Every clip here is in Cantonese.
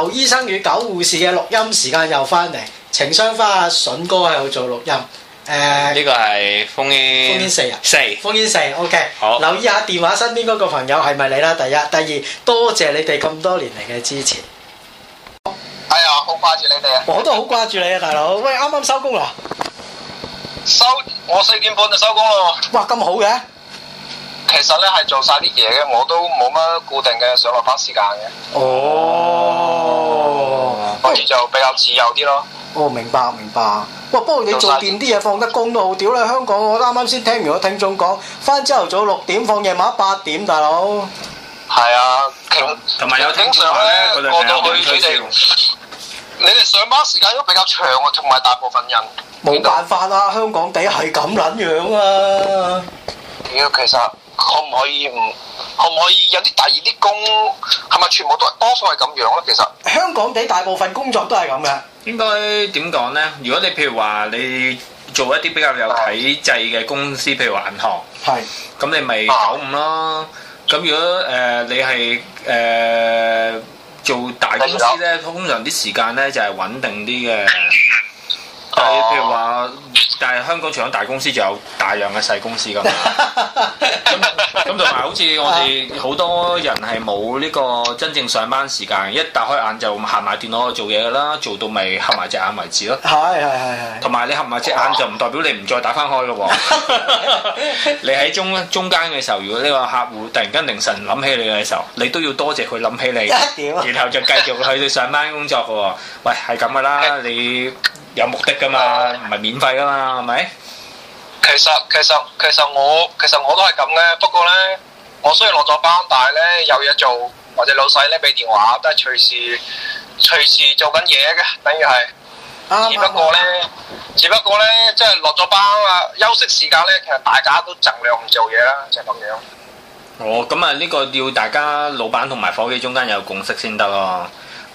劉醫生與狗護士嘅錄音時間又翻嚟，情霜花阿筍哥喺度做錄音。誒、呃，呢個係烽煙，烽煙四啊，四 4 烽煙四、okay。O K，好，留意下電話身邊嗰個朋友係咪你啦？第一、第二，多謝你哋咁多年嚟嘅支持。哎呀，好掛住你哋啊！我都好掛住你啊，大佬。喂，啱啱收工啦，收我四點半就收工咯。哇，咁好嘅？其實咧係做晒啲嘢嘅，我都冇乜固定嘅上落班時間嘅。哦，所以就比較自由啲咯。哦，明白明白。哇、哦，不過你做掂啲嘢放得工都好屌啦。香港我啱啱先聽完個聽眾講，翻朝頭早六點，放夜晚八點，大佬。係啊，同同埋有聽上咧過到去你哋，你哋上班時間都比較長喎，同埋大部分人。冇辦法啦、啊，香港地係咁捻樣啊。屌， 其實。可唔可以唔？可唔可以有啲第二啲工？係咪全部都多數係咁樣咯？其實香港嘅大部分工作都係咁嘅。應該點講咧？如果你譬如話你做一啲比較有體制嘅公司，譬如話銀行，係咁是你咪九五咯。咁、啊、如果誒、呃、你係誒、呃、做大公司咧，的通常啲時間咧就係、是、穩定啲嘅。但係譬如話。啊但係香港除咗大公司，仲有大量嘅細公司噶嘛。咁 同埋好似我哋好多人係冇呢個真正上班時間，一打開眼就行埋電腦度做嘢噶啦，做到咪合埋隻眼為止咯。係係係係。同埋你合埋隻眼就唔代表你唔再打翻開咯。 你喺中中間嘅時候，如果呢個客戶突然間凌晨諗起你嘅時候，你都要多謝佢諗起你，點然後就繼續去上班工作嘅喎。 喂，係咁噶啦， 你。有目的噶嘛，唔係、啊、免費噶嘛，係咪？其實其實其實我其實我都係咁嘅，不過咧，我雖然落咗班，但係咧有嘢做，我哋老細咧俾電話，都係隨時隨時做緊嘢嘅，等於係。只不過咧，只不過咧，即係落咗班啊，休息時間咧，其實大家都盡量唔做嘢啦，就係咁樣。哦，咁啊，呢個要大家老闆同埋伙計中間有共識先得咯。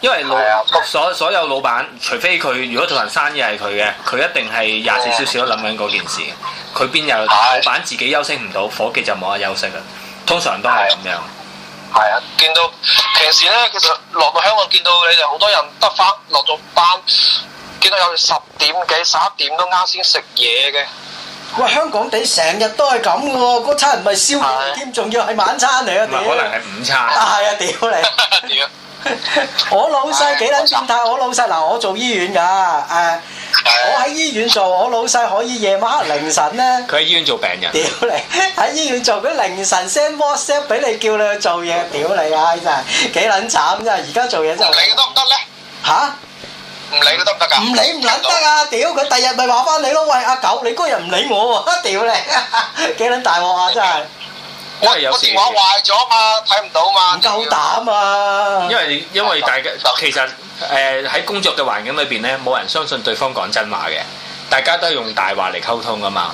因為老所、啊、所有老闆，除非佢如果同人生意係佢嘅，佢一定係廿四小時都諗緊嗰件事。佢邊有、啊、老闆自己休息唔到，伙計就冇得休息啦。通常都係咁樣。係啊、啊，見到平時咧，其實落到香港見到你哋好多人得翻落咗班，見到有十點幾、十一點都啱先食嘢嘅。才才喂，香港地成日都係咁嘅喎，嗰餐唔係宵夜添，仲、啊、要係晚餐嚟啊！唔，可能係午餐。啊，係啊，屌你！我老細幾捻變態，我老細嗱，我做醫院噶，誒，我喺醫院做，我老細可以夜晚黑凌晨咧。佢喺醫院做病人。屌你，喺醫院做佢凌晨 send WhatsApp 俾你叫你去做嘢，屌你啊！真係幾捻慘真係，而家做嘢真係。唔理都唔得咧。吓？唔理都得唔得噶？唔理唔捻得啊！屌佢，第日咪話翻你咯。喂，阿九，你嗰日唔理我喎，屌你，幾捻大鑊啊！真係。因為有個電話壞咗嘛，睇唔到嘛，唔夠膽嘛。因為因為大家其實誒喺、呃、工作嘅環境裏邊咧，冇人相信對方講真話嘅，大家都係用大話嚟溝通噶嘛。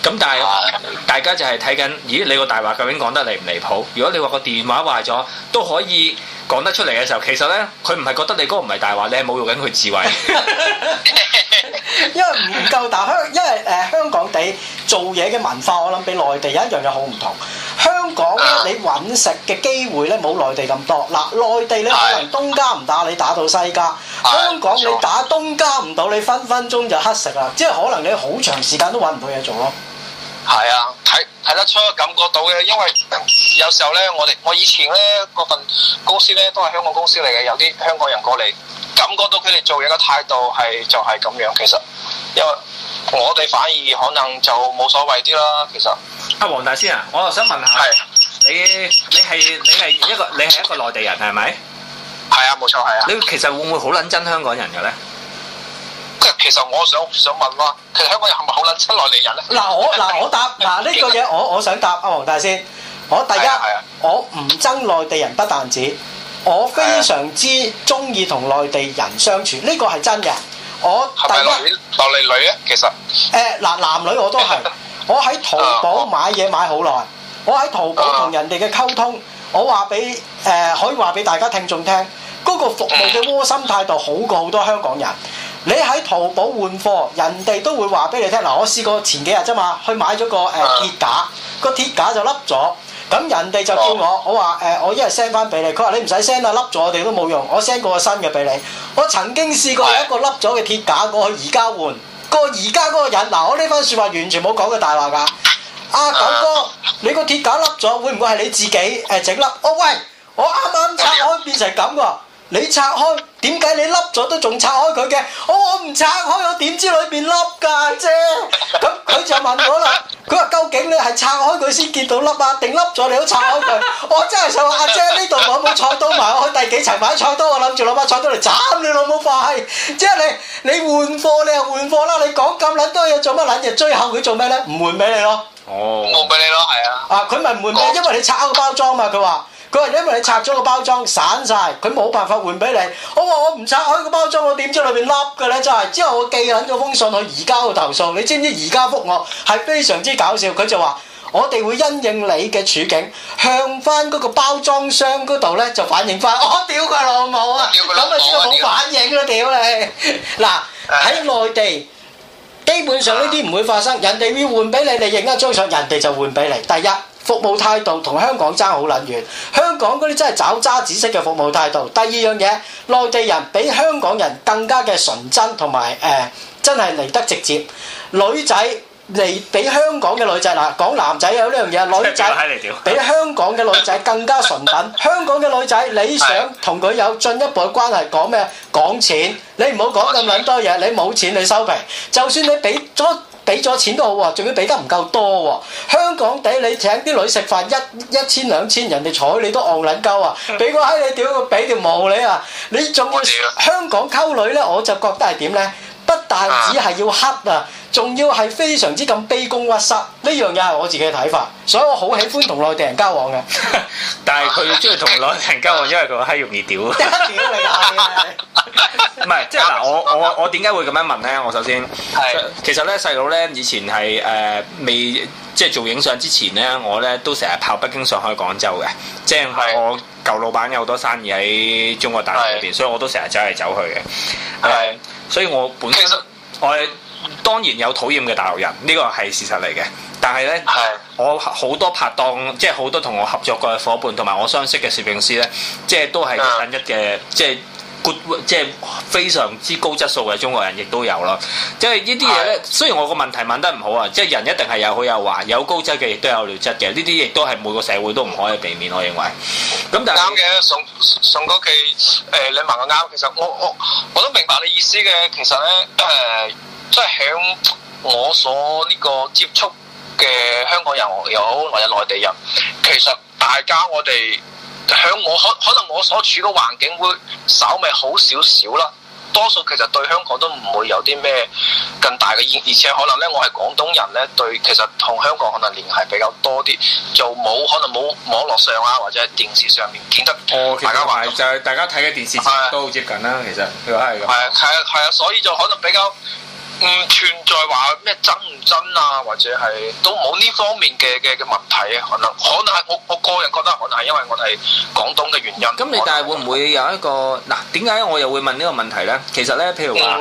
咁但係、啊、大家就係睇緊，咦你個大話究竟講得離唔離譜？如果你話個電話壞咗都可以講得出嚟嘅時候，其實咧佢唔係覺得你嗰個唔係大話，你係侮辱緊佢智慧。 因為唔夠大香，因為誒、呃、香港地做嘢嘅文化，我諗比內地有一樣嘢好唔同。香港咧，啊、你揾食嘅機會咧冇內地咁多。嗱，內地咧可能東家唔打你，打到西家。哎、香港、哎、你打東家唔到，你分分鐘就乞食啦。即係可能你好長時間都揾唔到嘢做咯。係啊，睇睇得出，感覺到嘅，因為、嗯、有時候呢，我哋我以前呢，嗰份公司呢都係香港公司嚟嘅，有啲香港人過嚟。感覺到佢哋做嘢嘅態度係就係咁樣，其實，因為我哋反而可能就冇所謂啲啦，其實。阿黃大仙啊，我又想問下你，你係你係一個你係一個內地人係咪？係啊，冇錯係啊。你其實會唔會好撚憎香港人嘅咧？即係其實我想想問咯，其實香港人係咪好撚憎內地人咧？嗱我嗱我答嗱呢個嘢我我想答阿黃大仙，我第一我唔憎內地人不但止。我非常之中意同內地人相處，呢、這個係真嘅。我大家，是是女啊，其實誒嗱、呃，男女我都係。 我喺淘寶買嘢買好耐，我喺淘寶同人哋嘅溝通， 我話俾誒可以話俾大家聽眾聽，嗰、那個服務嘅窩心態度好過好多香港人。你喺淘寶換貨，人哋都會話俾你聽。嗱、呃，我試過前幾日啫嘛，去買咗個誒、呃、鐵架，個鐵架就笠咗。咁人哋就叫我，我話誒、呃，我一家 send 翻俾你。佢話你唔使 send 啦，笠咗我哋都冇用。我 send 過個新嘅俾你。我曾經試過有一個笠咗嘅鐵架過去，而家換個而家嗰個人。嗱、呃，我呢番説話完全冇講嘅大話㗎。阿、啊、九哥，你個鐵架笠咗，會唔會係你自己誒整笠？哦喂，我啱啱拆開變成咁喎。你拆開點解你凹咗都仲拆開佢嘅？我我唔拆開，我點知裏邊凹㗎啫？咁佢就問我啦，佢話究竟你係拆開佢先見到凹啊，定凹咗你都拆開佢？我真係想話阿姐呢度有冇菜刀埋？我去第幾層買菜刀？我諗住攞把菜刀嚟斬你老母塊！即係你你換貨你又換貨啦！你講咁撚多嘢做乜撚嘢？追後尾佢做咩呢？唔換俾你咯。哦，換俾你咯，係啊。啊，佢咪唔換咩？因為你拆開個包裝嘛，佢話。佢話：因為你拆咗個包裝散晒，佢冇辦法換俾你。我話我唔拆開個包裝，我點知裏邊凹嘅咧？真係之後我寄緊咗封信去而家去投訴，你知唔知而家覆我係非常之搞笑？佢就話我哋會因應你嘅處境，向翻嗰個包裝箱嗰度咧就反映翻。哦、屌我屌佢老母啊！咁咪先冇反應啦！屌，屌你嗱喺 內地基本上呢啲唔會發生，人哋要換俾你，你影一張相，人哋就換俾你。第一。第一服務態度同香港爭好撚遠，香港嗰啲真係找渣子式嘅服務態度。第二樣嘢，內地人比香港人更加嘅純真，同埋誒，真係嚟得直接。女仔。嚟俾香港嘅女仔嗱，講男仔有呢樣嘢，女仔俾香港嘅女仔更加純品。香港嘅女仔，你想同佢有進一步嘅關係，講咩？講錢，你唔好講咁撚多嘢，你冇錢你收皮。就算你俾咗俾咗錢都好喎，仲要俾得唔夠多喎。香港地你請啲女食飯，一一千兩千，人哋睬你，你都戇撚鳩啊！俾個閪 你屌，佢俾條毛你啊！你仲要香港溝女呢？我就覺得係點呢？係只係要黑啊！仲要係非常之咁卑躬屈膝，呢樣嘢係我自己嘅睇法，所以我好喜歡同內地人交往嘅。 但係佢中意同內地人交往，因為佢個閪容易屌啊！屌你啊！唔係， 即係嗱，我我我點解會咁樣問咧？我首先是其實咧，細佬咧以前係誒、呃、未即係做影相之前咧，我咧都成日跑北京、上海、廣州嘅，即係我舊老闆有好多生意喺中國大陸嗰邊，是所以我都成日走嚟走去嘅。係是，是所以我本身。我當然有討厭嘅大陸人，呢個係事實嚟嘅。但係呢，的我好多拍檔，即係好多同我合作過嘅伙伴，同埋我相識嘅攝影師呢，即係都係一等一嘅，的即係即係非常之高質素嘅中國人，亦都有囉。即係呢啲嘢呢，雖然我個問題問得唔好啊，即係人一定係有好有壞，有高質嘅，亦都有劣質嘅。呢啲亦都係每個社會都唔可以避免，我認為。咁但啱嘅，送送哥，佢、呃、你問我啱，其實我我我，我都明。意思嘅，其實咧，誒、呃，即係響我所呢個接觸嘅香港人又好，或者內地人，其實大家我哋響我可可能我所處嘅環境會稍微好少少啦。多數其實對香港都唔會有啲咩更大嘅意義，而且可能咧，我係廣東人咧，對其實同香港可能聯繫比較多啲，就冇可能冇網絡上啊，或者喺電視上面見得，大家話就係大家睇嘅電視節目都好接近啦，其實如果係咁，係啊係啊，係啊，係啊，係啊，所以就可能比較。唔存在話咩真唔真啊，或者係都冇呢方面嘅嘅嘅問題啊，可能可能係我我個人覺得可能係因為我係廣東嘅原因。咁你但係會唔會有一個嗱？點解我又會問呢個問題咧？其實咧，譬如話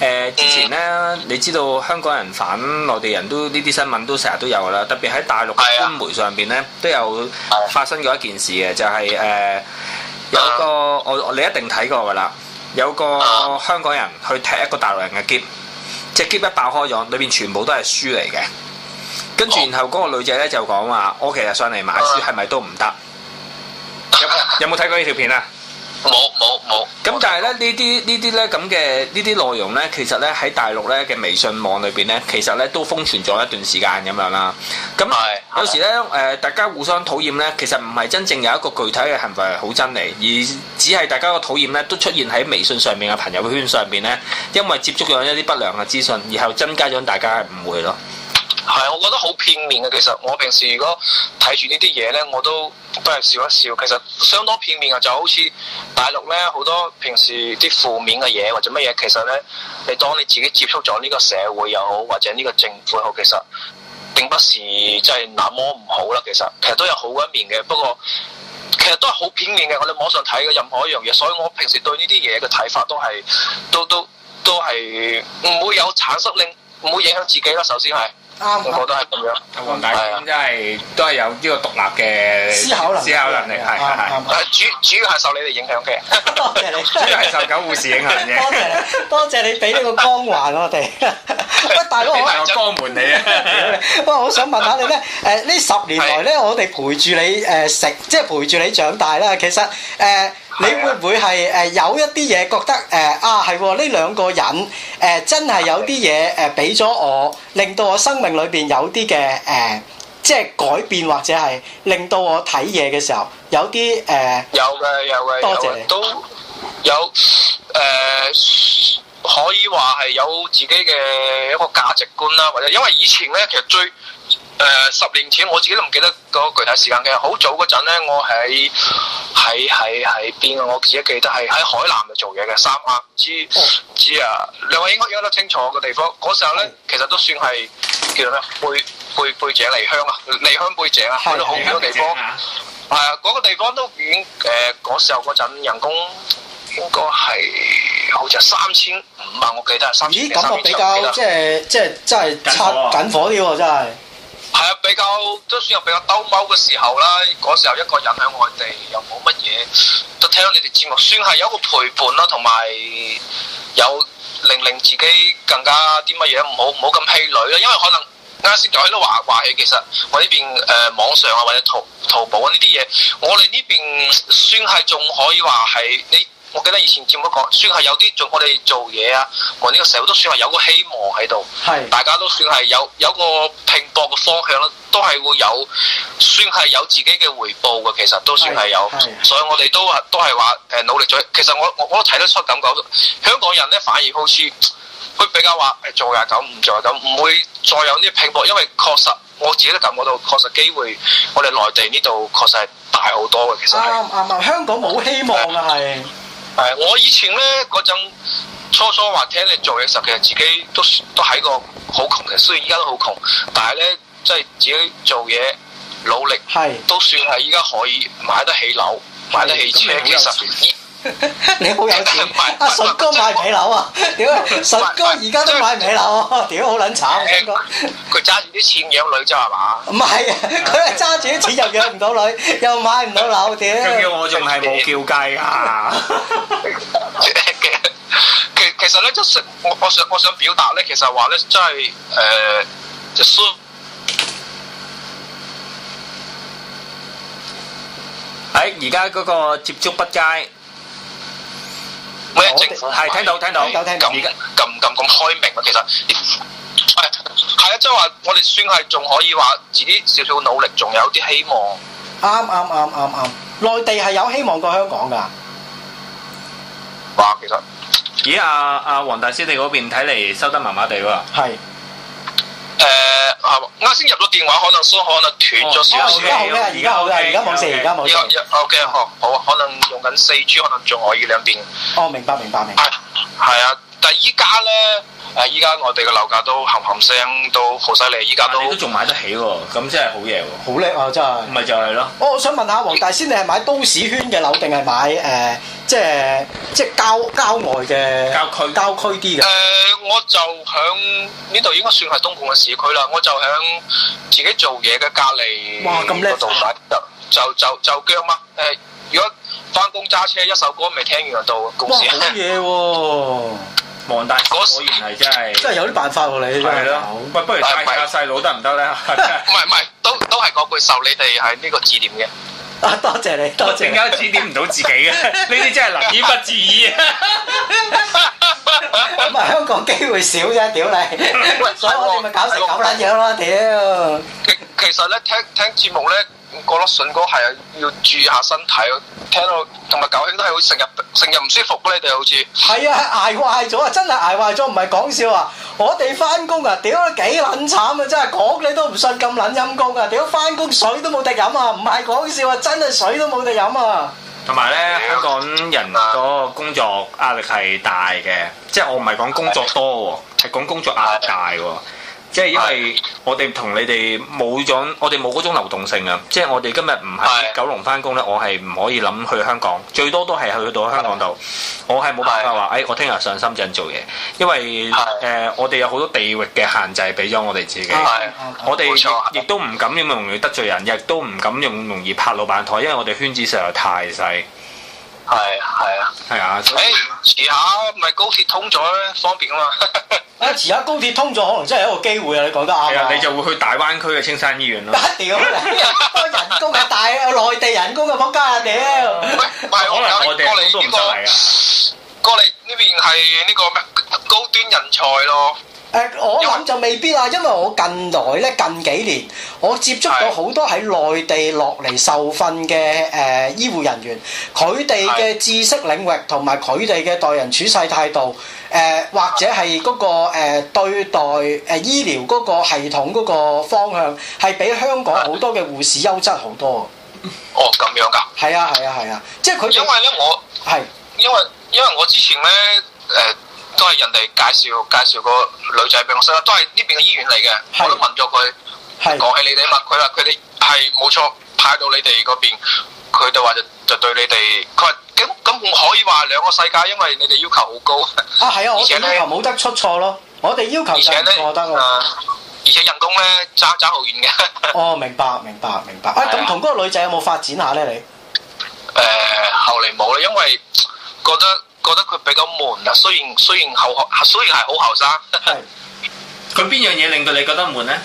誒，之前咧，你知道香港人反內地人都呢啲新聞都成日都有噶啦，特別喺大陸官媒上邊咧都有發生過一件事嘅，就係誒有個我你一定睇過噶啦，有個香港人去踢一個大陸人嘅喼。隻 gift 一爆開咗，裏面全部都係書嚟嘅。跟住，oh。然後嗰個女仔咧就講話：oh，我其實上嚟買書係咪都唔得？有有冇睇過呢條片啊？冇冇冇。咁但係咧，呢啲呢啲咧咁嘅呢啲內容咧，其實咧喺大陸咧嘅微信網裏邊咧，其實咧都封存咗一段時間咁樣啦。咁係有時咧誒、呃，大家互相討厭咧，其實唔係真正有一個具體嘅行為係好真嚟，而只係大家個討厭咧都出現喺微信上面嘅朋友圈上邊咧，因為接觸咗一啲不良嘅資訊，然後增加咗大家嘅誤會咯。係，我覺得好片面嘅。其實我平時如果睇住呢啲嘢呢，我都都係笑一笑。其實相當片面啊，就好似大陸呢，好多平時啲負面嘅嘢或者乜嘢，其實呢，你當你自己接觸咗呢個社會又好，或者呢個政府又好，其實並不是真係那麼唔好啦。其實其實都有好一面嘅，不過其實都係好片面嘅。我哋網上睇嘅任何一樣嘢，所以我平時對呢啲嘢嘅睇法都係都都都係唔會有產生令唔會影響自己啦。首先係。個個都係咁樣，黃大仙真係都係有呢個獨立嘅思考能力，係係係。但係主主要係受你哋影響嘅，多謝你。主要係受狗護士影響嘅，多謝你，多謝你俾呢個光環我哋。喂，大佬，我想問下你咧，誒呢十年來咧，我哋陪住你誒食，即係陪住你長大啦。其實誒。你會唔會係誒有一啲嘢覺得誒啊係呢兩個人誒、啊、真係有啲嘢誒俾咗我，令到我生命裏邊有啲嘅誒，即係改變或者係令到我睇嘢嘅時候有啲誒。有嘅、啊、有嘅，多謝你。都有誒、呃，可以話係有自己嘅一個價值觀啦，或者因為以前咧，其實最誒十年前我自己都唔記得個具體時間嘅，好早嗰陣咧，我喺。喺喺喺邊啊！我只記得係喺海南度做嘢嘅三亞，唔知、哦、知、知啊，兩位應該都清楚個地方。嗰時候咧，其實都算係叫做咩背背背井離鄉啊，離鄉背井啊，是井啊去到好多地方。係啊，嗰、那個地方都已誒。嗰、呃、時候嗰陣人工應該係好似三千五萬，我記得。三咦，感覺比較即係即係真係緊火是緊火啲喎真係。係啊，比較都算係比較兜踎嘅時候啦。嗰時候一個人喺外地又冇乜嘢，都聽到你哋節目，算係有一個陪伴啦，同埋有令令自己更加啲乜嘢唔好唔好咁氣餒啦。因為可能啱先就喺度話話起，其實我呢邊誒網上啊或者淘淘寶啊呢啲嘢，我哋呢邊算係仲可以話係你。我記得以前見佢講，算係有啲，做我哋做嘢啊，我呢個社會都算係有個希望喺度，是大家都算係有有個拼搏嘅方向咯，都係會有，算係有自己嘅回報嘅，其實都算係有，是所以我哋都係都係話誒努力咗。其實我我我都睇得出咁講，香港人咧反而好似佢比較話誒做呀咁唔做呀咁，唔會再有啲拼搏，因為確實我自己都感覺到，確實機會我哋內地呢度確實係大好多嘅。其實啱、啊啊啊啊、香港冇希望啊，係。誒，我以前咧嗰陣初初話聽你做嘢時，其實自己都都係一個好窮嘅，雖然依家都好窮，但係咧即係自己做嘢努力，都算係依家可以買得起樓，的買得起車，的其實你好有錢，阿順哥買唔起樓啊？屌，順哥而家都買唔起樓，屌好撚慘！阿哥，佢揸住啲錢養女啫係嘛？唔係啊，佢係揸住啲錢又養唔到女，又買唔到樓，屌！佢叫我仲係冇叫雞啊！其其實咧，即係我我想我想表達咧，其實話咧，即係誒，即係書喺而家嗰個接觸不佳。我係正，係聽到聽到，而家咁咁咁咁開明啊！其實，係係啊，即係話我哋算係仲可以話自己少少努力，仲有啲希望。啱啱啱啱啱，內地係有希望過香港㗎。哇！其實，咦？阿阿黃大師，你嗰邊睇嚟收得麻麻地喎。係。先入咗電話，可能疏，可能斷咗，少少。而家好啦，而家好啊！而家冇事。而家冇 OK 好，好可能用緊四 G，、uh, 可能仲可以兩邊哦，明白，明白，明白。係啊、哎，嗯、但係依家咧。啊！依家我哋嘅樓價都冚冚聲，都好犀利。依家都你都仲買得起喎、哦，咁真係好嘢喎！好叻啊，真係！咪就係咯、哦。我想問下黃大仙，你係買都市圈嘅樓，定係買誒、呃，即係即係郊郊外嘅郊區郊區啲嘅？誒、呃，我就響呢度應該算係東莞嘅市區啦。我就響自己做嘢嘅隔離嗰度買，就就就腳嘛。誒、呃，如果返工揸車，一首歌未聽完就到公司。哇！好嘢喎、啊！黃大仙，果然係真係，真係有啲辦法喎、啊、你係咯，了喂，不如聽下細佬得唔得咧？唔係唔係，都都係嗰句，受你哋喺呢個指點嘅。啊，多謝你，多謝，點解指點唔到自己嘅？呢啲 真係能醫不自醫啊！ 咁啊，香港機會少啫，屌你！ 所以我哋咪搞成咁撚樣咯、哎呦，屌、啊！其其實咧，聽聽節目咧，覺得順哥係要注意下身體咯。聽到同埋九兄都係好似成日成日唔舒服，你哋好似係啊，挨壞咗啊，真係挨壞咗，唔係講笑啊！我哋翻工啊，屌，幾撚慘啊！真係講你都唔信咁撚陰功啊！屌，翻工水都冇得飲啊，唔係講笑啊，真係水都冇得飲啊！同埋咧，香港人嗰個工作壓力係大嘅，即係我唔係講工作多喎，係講工作壓力大喎。即係因為我哋同你哋冇種，我哋冇嗰種流動性啊！即係我哋今日唔喺九龍翻工咧，的我係唔可以諗去香港，最多都係去到香港度，我係冇辦法話，誒，我聽日上深圳做嘢，因為誒的、呃，我哋有好多地域嘅限制俾咗我哋自己，的我哋錯亦都唔敢咁容，容易得罪人，亦都唔敢用容易拍老闆枱，因為我哋圈子實在太細。係啊係啊，係啊！哎，遲下唔係高鐵通咗咧，方便啊嘛！啊，遲下高鐵通咗，可能真係一個機會啊！你講得啱係啊！你就會去大灣區嘅青山醫院咯！屌，人工啊大，內地人工嘅國家啊屌！唔係可能內地佬都唔得嚟啊！過嚟呢邊係呢個咩高端人才咯？誒，我諗就未必啦，因為我近來咧近幾年，我接觸到好多喺內地落嚟受訓嘅誒、呃、醫護人員，佢哋嘅知識領域同埋佢哋嘅待人處世態度，誒、呃、或者係嗰個誒、呃、對待誒醫療嗰個系統嗰個方向，係比香港好多嘅護士優質好多哦，咁樣㗎？係啊，係啊，係啊，啊！即係佢哋因為咧，我係因為因為我之前咧誒，呃。都係人哋介紹介紹個女仔俾我識啦，都係呢邊嘅醫院嚟嘅。是我都問咗佢，講是起你哋，佢話佢哋係冇錯，派到你哋嗰邊，佢就話就就對你哋。佢話咁咁唔可以話兩個世界，因為你哋要求好高。啊，係啊，我哋要求冇得出錯咯。我哋要求正確得啊。而且人工咧爭爭好遠嘅。 哦，明白明白明白。啊，咁同嗰個女仔有冇發展下咧？你誒後嚟冇啦，因為覺得。覺得佢比較悶啊，雖然雖然後學，雖然係好後生。係佢邊樣嘢令到你覺得悶咧？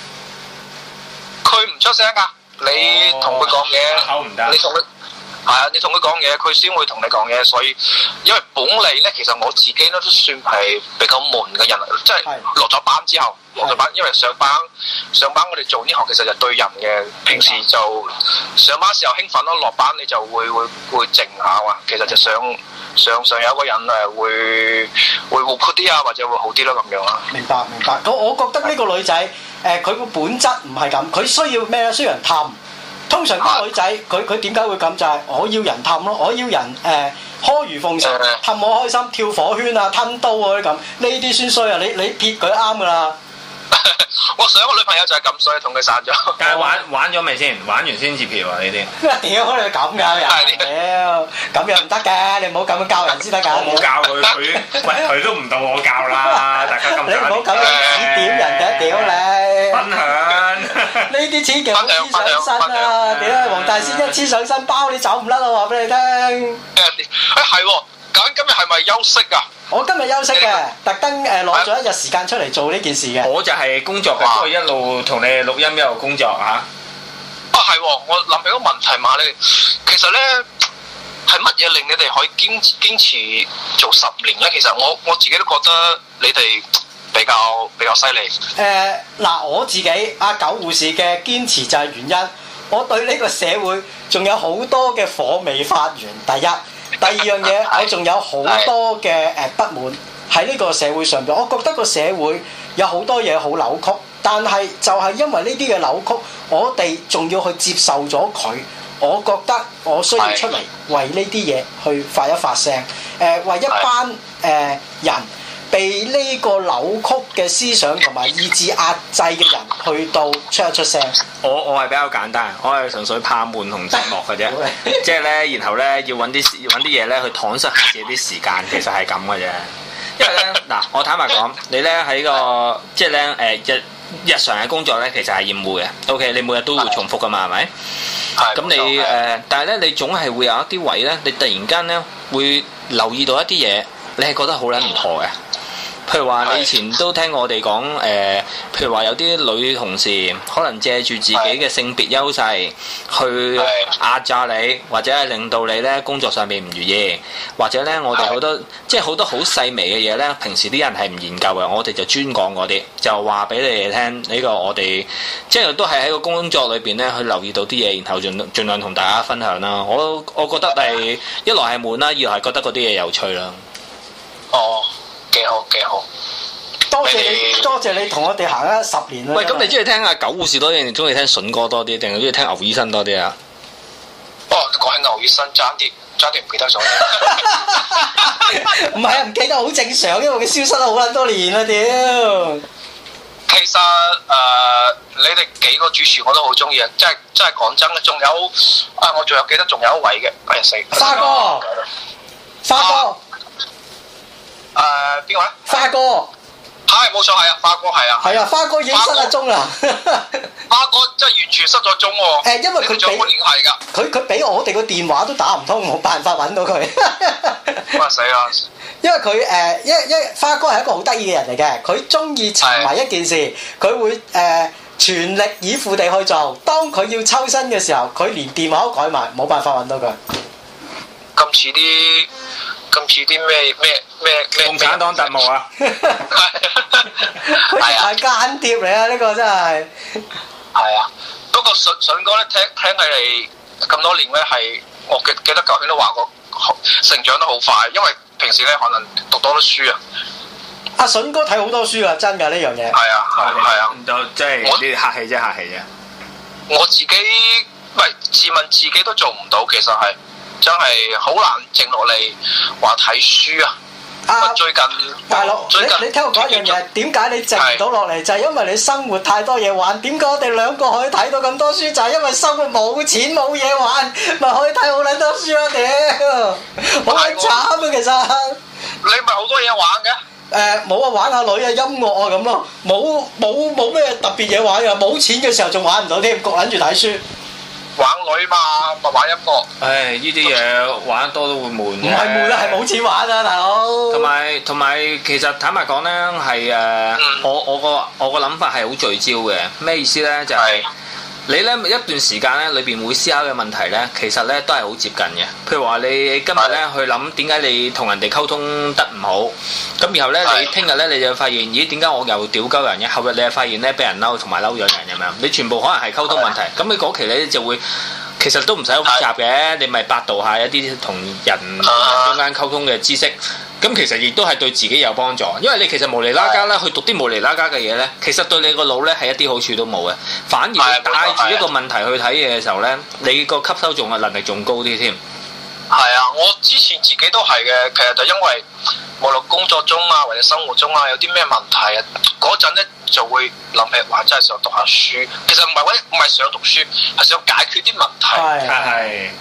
佢唔出聲噶，你同佢講嘢，你同佢係啊，你同佢講嘢，佢先會同你講嘢。所以因為本嚟咧，其實我自己咧都算係比較悶嘅人，即係落咗班之後，落咗班，因為上班上班我哋做呢行其實就對人嘅，平時就上班時候興奮咯，落班你就會會會靜下哇，其實就想。上上有個人誒會會活潑啲啊，或者會好啲咯咁樣啊。明白明白，咁我覺得呢個女仔誒佢個本質唔係咁，佢需要咩啊？需要人氹。通常啲女仔佢佢點解會咁？就係、是、我要人氹咯，我要人誒阿、呃、諛奉承，氹我開心，跳火圈啊，吞刀啊啲咁，呢啲先衰啊！你你撇佢啱㗎啦。我上個女朋友就係咁，所以同佢散咗。但係 玩玩咗未先？玩完先接票啊。呢啲。我屌你咁噶又？屌，咁又唔得嘅，你唔好咁樣教人先得噶。我冇教佢，佢佢都唔到我教啦。大家咁，你唔好咁樣指點人哋屌 你。分享。呢啲錢勁黐上身啊！屌，黃大仙一黐上身，包你走唔甩我話俾你聽。誒係喎。哎今日係咪休息啊？我今日休息嘅，的特登誒攞咗一日時間出嚟做呢件事嘅。我就係工作嘅，啊、都係一路同你錄音一路工作吓。啊係、啊哦，我諗起一個問題嘛咧，其實咧係乜嘢令你哋可以堅持堅持做十年咧？其實我我自己都覺得你哋比較比較犀利。誒、呃，嗱、呃，我自己阿九護士嘅堅持就係原因。我對呢個社會仲有好多嘅火未發完。第一。第一第二樣嘢，我仲有好多嘅誒不滿喺呢個社會上邊，我覺得個社會有好多嘢好扭曲，但係就係因為呢啲嘅扭曲，我哋仲要去接受咗佢。我覺得我需要出嚟為呢啲嘢去發一發聲，誒、呃、為一班誒、呃、人。被呢個扭曲嘅思想同埋意志壓制嘅人，去到出一出聲。我我係比較簡單，我係純粹怕悶同寂寞嘅啫。即係咧，然後咧，要揾啲揾啲嘢咧去搪塞自己啲時間，其實係咁嘅啫。因為咧，嗱，我坦白講，你咧喺個即係咧誒日日常嘅工作咧，其實係厭惡嘅。OK，你每日都會重複噶嘛，係咪的？咁的你誒，的但係咧，你總係會有一啲位咧，你突然間咧會留意到一啲嘢，你係覺得好撚唔妥嘅。譬如話，你以前都聽我哋講誒，譬如話有啲女同事可能借住自己嘅性別優勢去壓榨你，或者係令到你咧工作上面唔如意，或者咧我哋好多是的 即係好多好細微嘅嘢咧，平時啲人係唔研究嘅，我哋就專講嗰啲，就話俾你哋聽呢個我哋即係都係喺個工作裏邊咧去留意到啲嘢，然後盡儘量同大家分享啦。我我覺得係一來係悶啦，二來係覺得嗰啲嘢有趣啦。哦。幾好幾好，多謝多謝你同們我哋行咗十年啦。喂，咁的你中意聽下狗護士多啲，定中意聽筍哥多啲，定係中意聽牛醫生多啲啊？哦，講起牛醫生爭啲，爭啲唔記得咗。唔係啊，唔記得好正常，因為佢消失咗好多年啦，屌！其實誒、呃，你哋幾個主持我都好中意啊，即係即係講真嘅，仲有啊，我仲有記得仲有一位嘅，日、哎、四花哥，哥。誒，邊個咧？呢花哥係冇、啊、錯，係啊，花哥係啊，係啊，花哥已經失咗蹤啦。花哥， 花哥真係完全失咗蹤喎。誒，因為佢俾佢佢俾我哋個電話都打唔通，冇辦法搵到佢。咁 死啦、呃！因為佢誒，一一花哥係一個好得意嘅人嚟嘅，佢中意沉迷一件事，佢的會誒、呃、全力以赴地去做。當佢要抽身嘅時候，佢連電話都改埋，冇辦法搵到佢。咁遲啲。咁似啲咩咩咩咩共產黨特務啊？係 啊，佢係間諜嚟啊！呢個真係係啊。不過笋笋哥咧，聽聽佢哋咁多年咧，係我記記得舊年都話過，成長得好快，因為平時咧可能讀多啲書啊。阿笋哥睇好多書 啊，真噶呢樣嘢。係啊，係啊，係啊。就即係我哋客氣啫，客氣啫。我自己唔係自問自己都做唔到，其實係。真係好難靜落嚟，話睇書啊！最近，大佬，啊，最近，你近你聽我講嗰樣嘢，點解止你靜唔到落嚟？是就係因為你生活太多嘢玩。點解我哋兩個可以睇到咁多書？就係、是、因為生活冇錢冇嘢玩，咪可以睇好捻多書咯？屌， 好慘實、呃、啊！其實你咪好多嘢玩嘅？誒，冇啊，玩下女啊，音樂啊，咁咯，冇冇冇咩特別嘢玩啊！冇錢嘅時候仲玩唔到添，焗捻住睇書。玩女嘛，咪玩音樂。唉，呢啲嘢玩得多都會悶。唔係悶啊，係冇錢玩啊，大佬。同埋同埋，其實坦白講呢，係誒、uh，嗯，我我個我個諗法係好聚焦嘅。咩意思呢？就係、是。你咧一段時間咧裏邊會思考嘅問題咧，其實咧都係好接近嘅。譬如話你今日咧的去諗點解你同人哋溝通得唔好，咁然後咧的你聽日咧你就發現，咦點解我又屌鳩人嘅？後日你又發現咧俾人嬲同埋嬲咗人咁樣，你全部可能係溝通問題。咁你嗰期你就會其實都唔使好複雜嘅，的你咪百度下一啲同人中間溝通嘅知識。咁其實亦都係對自己有幫助，因為你其實無厘啦家啦去讀啲無厘啦家嘅嘢呢，其實對你個腦呢係一啲好處都冇嘅，反而你帶住一個問題去睇嘢嘅時候呢，你個吸收仲嘅能力仲高啲添。係啊，我之前自己都係嘅，其實就因為無論工作中啊，或者生活中啊，有啲咩問題，嗰陣咧就會諗起，話真係想讀下書。其實唔係我唔係想讀書，係想解決啲問題。係係是，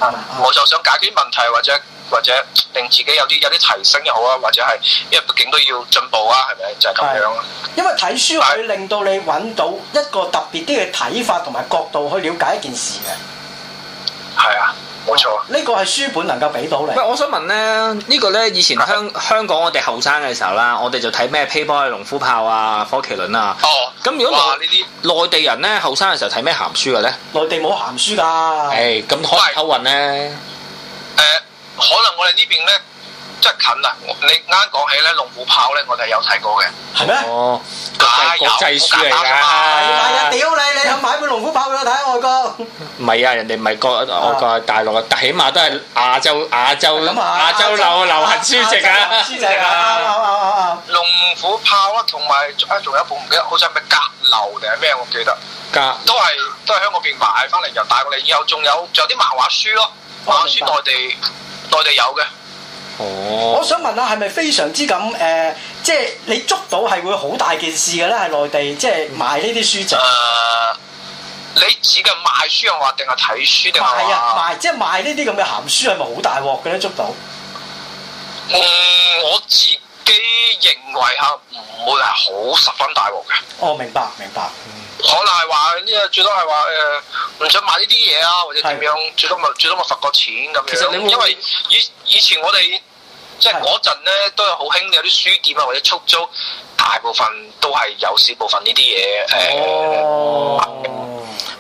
我就想解決問題，或者或者令自己有啲有啲提升又好啊，或者係因為畢竟都要進步啊，係咪？就係、是、咁樣。是因為睇書係是令到你揾到一個特別啲嘅睇法同埋角度去了解一件事嘅。係啊。冇錯，呢、哦，這個係書本能夠俾到你。唔、嗯、我想問咧，這個、呢個咧以前香港、嗯、香港我哋後生嘅時候啦，我哋就睇咩《Playboy》、《龍虎豹》啊，《火麒麟》啊。哦。咁如果話啲內地人咧後生嘅時候睇咩鹹書嘅咧？內地冇鹹書㗎。誒、哎，咁開運咧？誒、呃，可能我哋呢邊咧。得近啦！你啱講起咧，《龍虎豹》咧，我哋有睇過嘅。係咩？哦，係國際書嚟㗎。係咪啊？屌你！你肯買本《龍虎豹》去睇外國？唔係啊！人哋唔係國外國係大陸啊，但起碼都係亞洲亞洲亞洲流流行書籍啊！書籍啊！《龍虎豹》啊，同埋啊，仲有一本唔記得，好似係咪《閣樓》定係咩？我唔記得。閣。都係都喺香港邊買翻嚟，又帶過嚟，然後仲有仲有啲漫畫書咯，漫畫書內地內地有嘅。Oh. 我想問下，係咪非常之咁誒？即係你捉到係會好大件事嘅咧？係內地即係賣呢啲書籍。Uh, 你指嘅賣書定係睇書定係？賣啊賣！即係賣這這是是呢啲咁嘅鹹書係咪好大鑊嘅咧？捉到？嗯、um，我自。認為嚇唔會係好十分大鑊嘅。我明白明白。明白可能係話呢個最多係話誒，唔、呃、想買呢啲嘢啊，或者點樣？是最多咪最多咪罰個錢咁樣。其實你會因為以以前我哋即係嗰陣咧，是都有好興嘅有啲書店啊，或者出租，大部分都係有少部分呢啲嘢誒。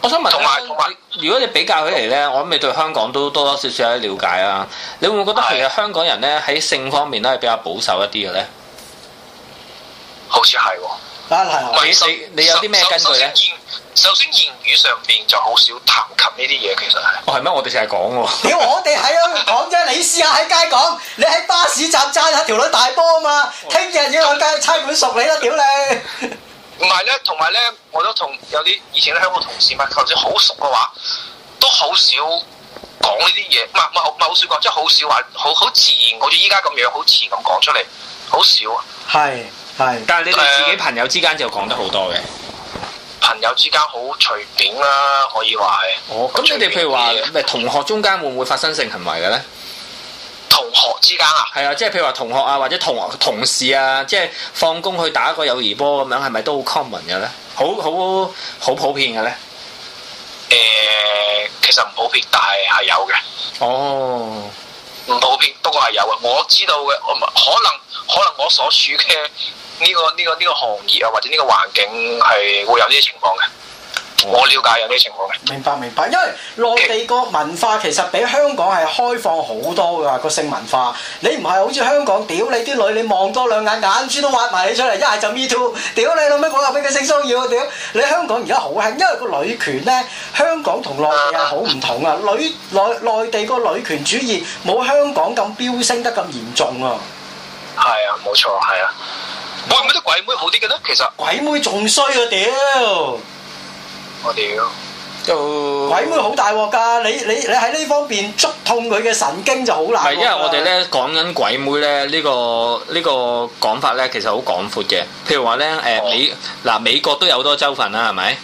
我想問同埋同埋，如果你比較起嚟咧，有我諗你對香港都多多少少有啲了解啊。你會唔會覺得其實香港人咧喺是性方面咧係比較保守一啲嘅咧？好似係、哦，唔係你你有啲咩根據咧？首先言語上邊就好少談及呢啲嘢，其實係。哦，係咩？我哋成日講喎。屌， 我哋喺度講啫，你試下喺街講，你喺巴士站揸吓條女大波啊嘛！聽日要去街差館熟你啦，屌你！唔係咧，同埋咧，我都同有啲以前咧香港同事咪頭先好熟嘅話，都好少講呢啲嘢，唔唔好唔好少講，即係好少話，好好自然，好似依家咁樣，好自然咁講出嚟，好少啊。係。 係，但係你哋自己朋友之間就講得好多嘅。朋友之間好隨便啦、啊，可以話係。哦，咁隨你哋譬如話咩同學中間會唔會發生性行為嘅咧？嗯、同學之間啊？係啊，即係、啊、譬如話同學啊，或者同學同事啊，即係放工去打一個友誼波咁樣，係咪都好 common 嘅咧？好好好普遍嘅咧？誒、呃，其實唔普遍，但係係有嘅。哦，唔普遍，不過係有啊。我知道嘅，可能可能我所處嘅。呢、呢個呢個呢個行業啊，或者呢個環境係會有呢啲情況嘅。我了解有呢啲情況嘅。明白明白，因為內地個文化其實比香港係開放好多㗎，個性文化。你唔係好似香港，屌你啲女，你望多兩眼，眼珠都挖埋你出嚟，一係就 me too，屌你老味，我有咩佢性騷擾啊屌！你香港而家好興，因為個女權咧，香港同內 地係好唔同啊。女內內地個女權主義冇香港咁飆升 得咁嚴重啊。係啊，冇錯，係啊。我唔覺得鬼妹好啲嘅咯，其實鬼妹仲衰啊屌！我屌的！就、呃、鬼妹好大鑊噶，你你你喺呢方面觸痛佢嘅神經就好難。唔係，因為我哋咧講緊鬼妹咧呢、呢個、呢個、呢個講法咧，其實好廣闊嘅。譬如話咧，誒美嗱美國都有好多州份啦，係咪？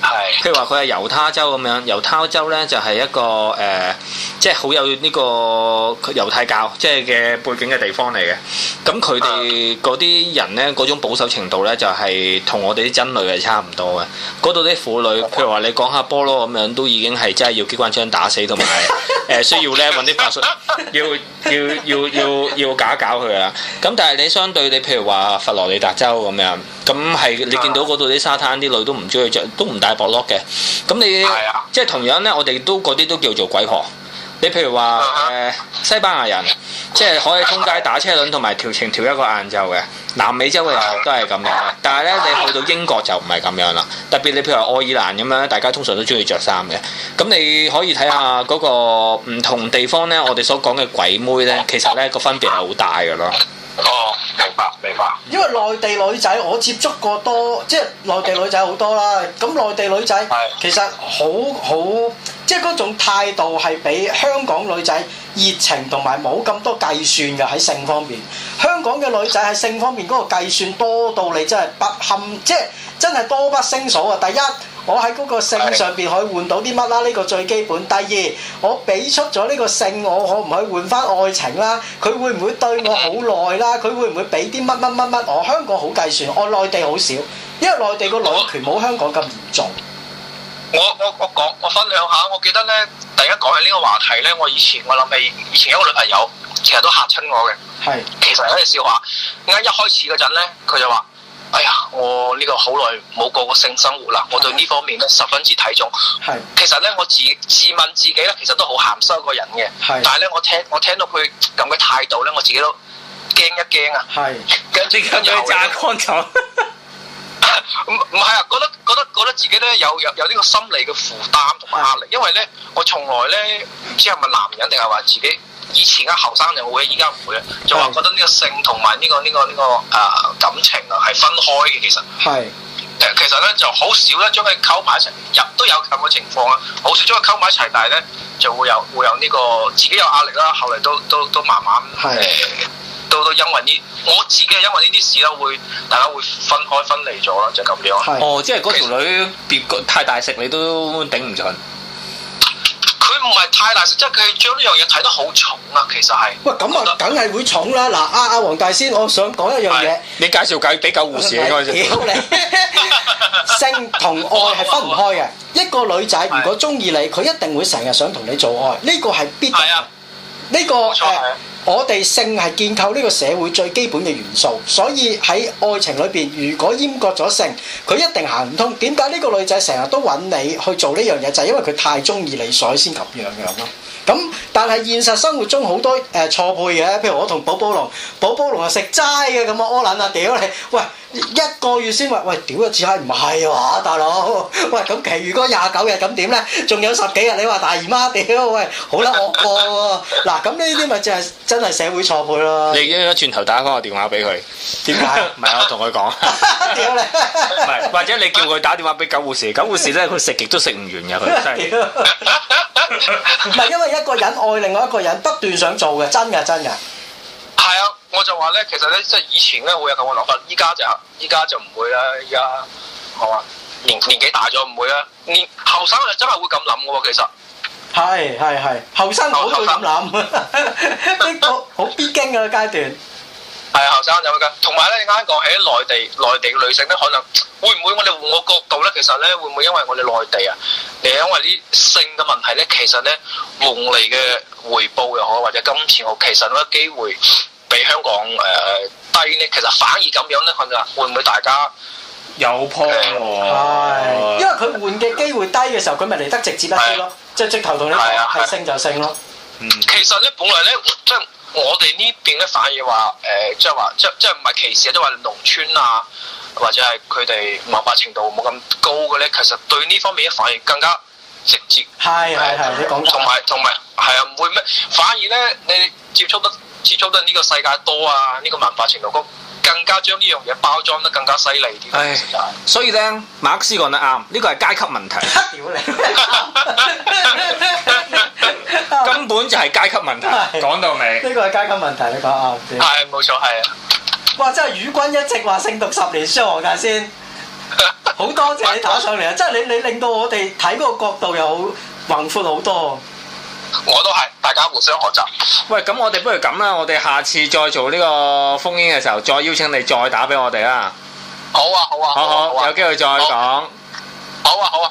係，譬如話佢係猶他州咁樣，猶他州咧就係一個誒，即係好有呢個佢猶太教即係嘅背景嘅地方嚟嘅。咁佢哋嗰啲人咧，嗰種保守程度咧，就係同我哋啲真女係差唔多嘅。嗰度啲婦女，譬如話你講下波咯咁樣，都已經係真係要機關槍打死，同埋誒需要咧揾啲法術，要要要要要搞搞佢啊。咁但係你相對你譬如話佛羅里達州咁樣。咁係，你見到嗰度啲沙灘啲女都唔中意着，都唔帶薄褸嘅。咁你的即係同樣呢，我哋都嗰啲都叫做鬼婆。你譬如話、呃、西班牙人，即係可以通街打車輪同埋調情調一個晏晝嘅。南美洲嘅人都係咁樣，但係呢，你去到英國就唔係咁樣啦。特別你譬如話愛爾蘭咁樣，大家通常都中意着衫嘅。咁你可以睇下嗰個唔同地方呢，我哋所講嘅鬼妹呢，其實呢個分別係好大㗎咯。哦。明白，明白。因為內地女仔，我接觸過多，即係內地女仔好多啦。咁內地女仔其實是好好，即係嗰種態度係比香港女仔熱情同埋冇咁多計算嘅喺性方面。香港嘅女仔喺性方面嗰個計算多到你真係不堪，即係真係多不勝數啊！第一，我喺嗰個性上邊可以換到啲乜啦？呢個最基本。第二，我俾出咗呢個性，我可唔可以換翻愛情啦？佢會唔會對我好耐啦？佢會唔會？俾啲乜乜乜乜？我香港好計算，我內地好少，因為內地個壟斷冇香港咁嚴重。我我我講，我分享下，我記得咧，第一講起呢個話題咧，我以前我諗起以前有個女朋友，其實都嚇親我嘅。係是。其實係一句笑話。啱一開始嗰陣咧，佢就話，哎呀，我呢個好耐冇過過性生活啦，我對呢方面咧十分之睇重。係是。其實咧，我自自問自己咧，其實都好鹹濕一個人嘅。係是。但係咧，我聽我聽到佢咁嘅態度咧，我自己都。驚一驚啊！係，跟住跟住又炸光咗。唔唔係啊，覺得覺得覺得自己咧有有有呢個心理嘅負擔同埋壓力，的因為咧我從來咧唔知係咪男人定係話自己以前啊後生就會，而家唔會啊，就話覺得呢個性同埋呢個呢、呢個呢、呢個啊、呃、感情啊係分開嘅，其實係，的其實咧就好少咧將佢溝埋一齊，有都有咁嘅情況啊，好少將佢溝埋一齊，但係咧就會有會有呢、呢個自己有壓力啦，後嚟都都都，都，都慢慢係。到到因為呢，我自己係因為呢啲事啦，會大家會分開分離咗啦，就咁樣。哦，即係嗰條女，別太大食你都頂唔順。佢唔係太大食，即係佢將呢樣嘢睇得好重啊！其實係。喂，咁啊，梗係會重啦！嗱，阿阿黃大仙，我想講一樣嘢。你介紹介俾狗護士啊！我。屌你！性同愛係分唔開嘅。一個女仔如果中意你，佢一定會成日想同你做愛。呢個係必。係啊。呢個。冇我哋性係建構呢個社會最基本嘅元素，所以喺愛情裏邊，如果閹割咗性，佢一定行唔通。點解呢個女仔成日都揾你去做呢樣嘢？就係、是、因為佢太中意你，所以先咁樣樣咯。咁但係現實生活中好多誒、呃、錯配嘅，譬如我同寶波龍，寶波龍係食齋嘅咁啊，柯卵啊，屌你喂！一個月先話喂，屌一次，係唔係啊大佬？喂，咁其餘廿九日咁點咧？仲有十幾日，你話大姨媽屌喂，好啦惡過喎、啊。嗱、啊，咁呢啲咪就係真係社會錯配咯。你一轉頭打返個電話俾佢。點解？唔係我同佢講。 屌你的！唔係，或者你叫佢打電話俾救護士，救護士咧，佢食極都食唔完㗎佢。真屌的！唔 係因為一個人愛另外一個人，不斷想做嘅，真嘅真嘅。係啊。我就話咧，其實咧，即係以前咧會有咁嘅諗法，依家就依家就唔會啦。依家好啊，年年紀大咗唔會啦。年後生就，就真係會咁諗嘅喎，其實係係係後生好會咁諗，好必經嘅階段。係後生就有㗎，同埋咧，你啱啱講喺內地，內地嘅女性咧，可能會唔會我哋換個角度咧？其實咧，會唔會因為我哋內地啊，亦因為啲性嘅問題咧，其實咧，蒙嚟嘅回報又好，或者金錢好，其實嗰個機會。比香港誒低咧，其實反而咁樣咧，其實會唔會大家有破？係、呃，因為佢換嘅機會低嘅時候，佢咪嚟得直接一啲咯，啊、即係直頭同你講，係升就升咯。啊啊、嗯，其實咧，本來咧，即係我哋呢邊咧，反而話誒、呃，即係話，即係即係唔係歧視，都話農村啊，或者係佢哋文化程度冇咁高嘅咧，其實對呢方面咧，反而更加直接。係係係，你講同埋同埋係啊，唔會咩？反而咧，反而你咧，反而你咧，反而你接觸得。接觸到呢個世界多啊，呢、這個文化程度高，更加將呢樣嘢包裝得更加犀利啲。唉，為所以咧，馬克思講得啱，呢個係階級問題。屌你名！ 根本就係階級問題。講 的到尾。呢個係階級問題，你講啊。係，冇錯，係。哇！真係與君一直話勝讀十年書，我睇先。好多謝你打上嚟啊！即係哇哇你你令到我哋睇嗰個角度又好宏闊好多。我都係，大家互相學習。喂，咁我哋不如咁啦，我哋下次再做呢個烽煙嘅時候，再邀請你再打俾我哋啦，啊。好啊，好啊，好好，有機會再講。好啊，好啊。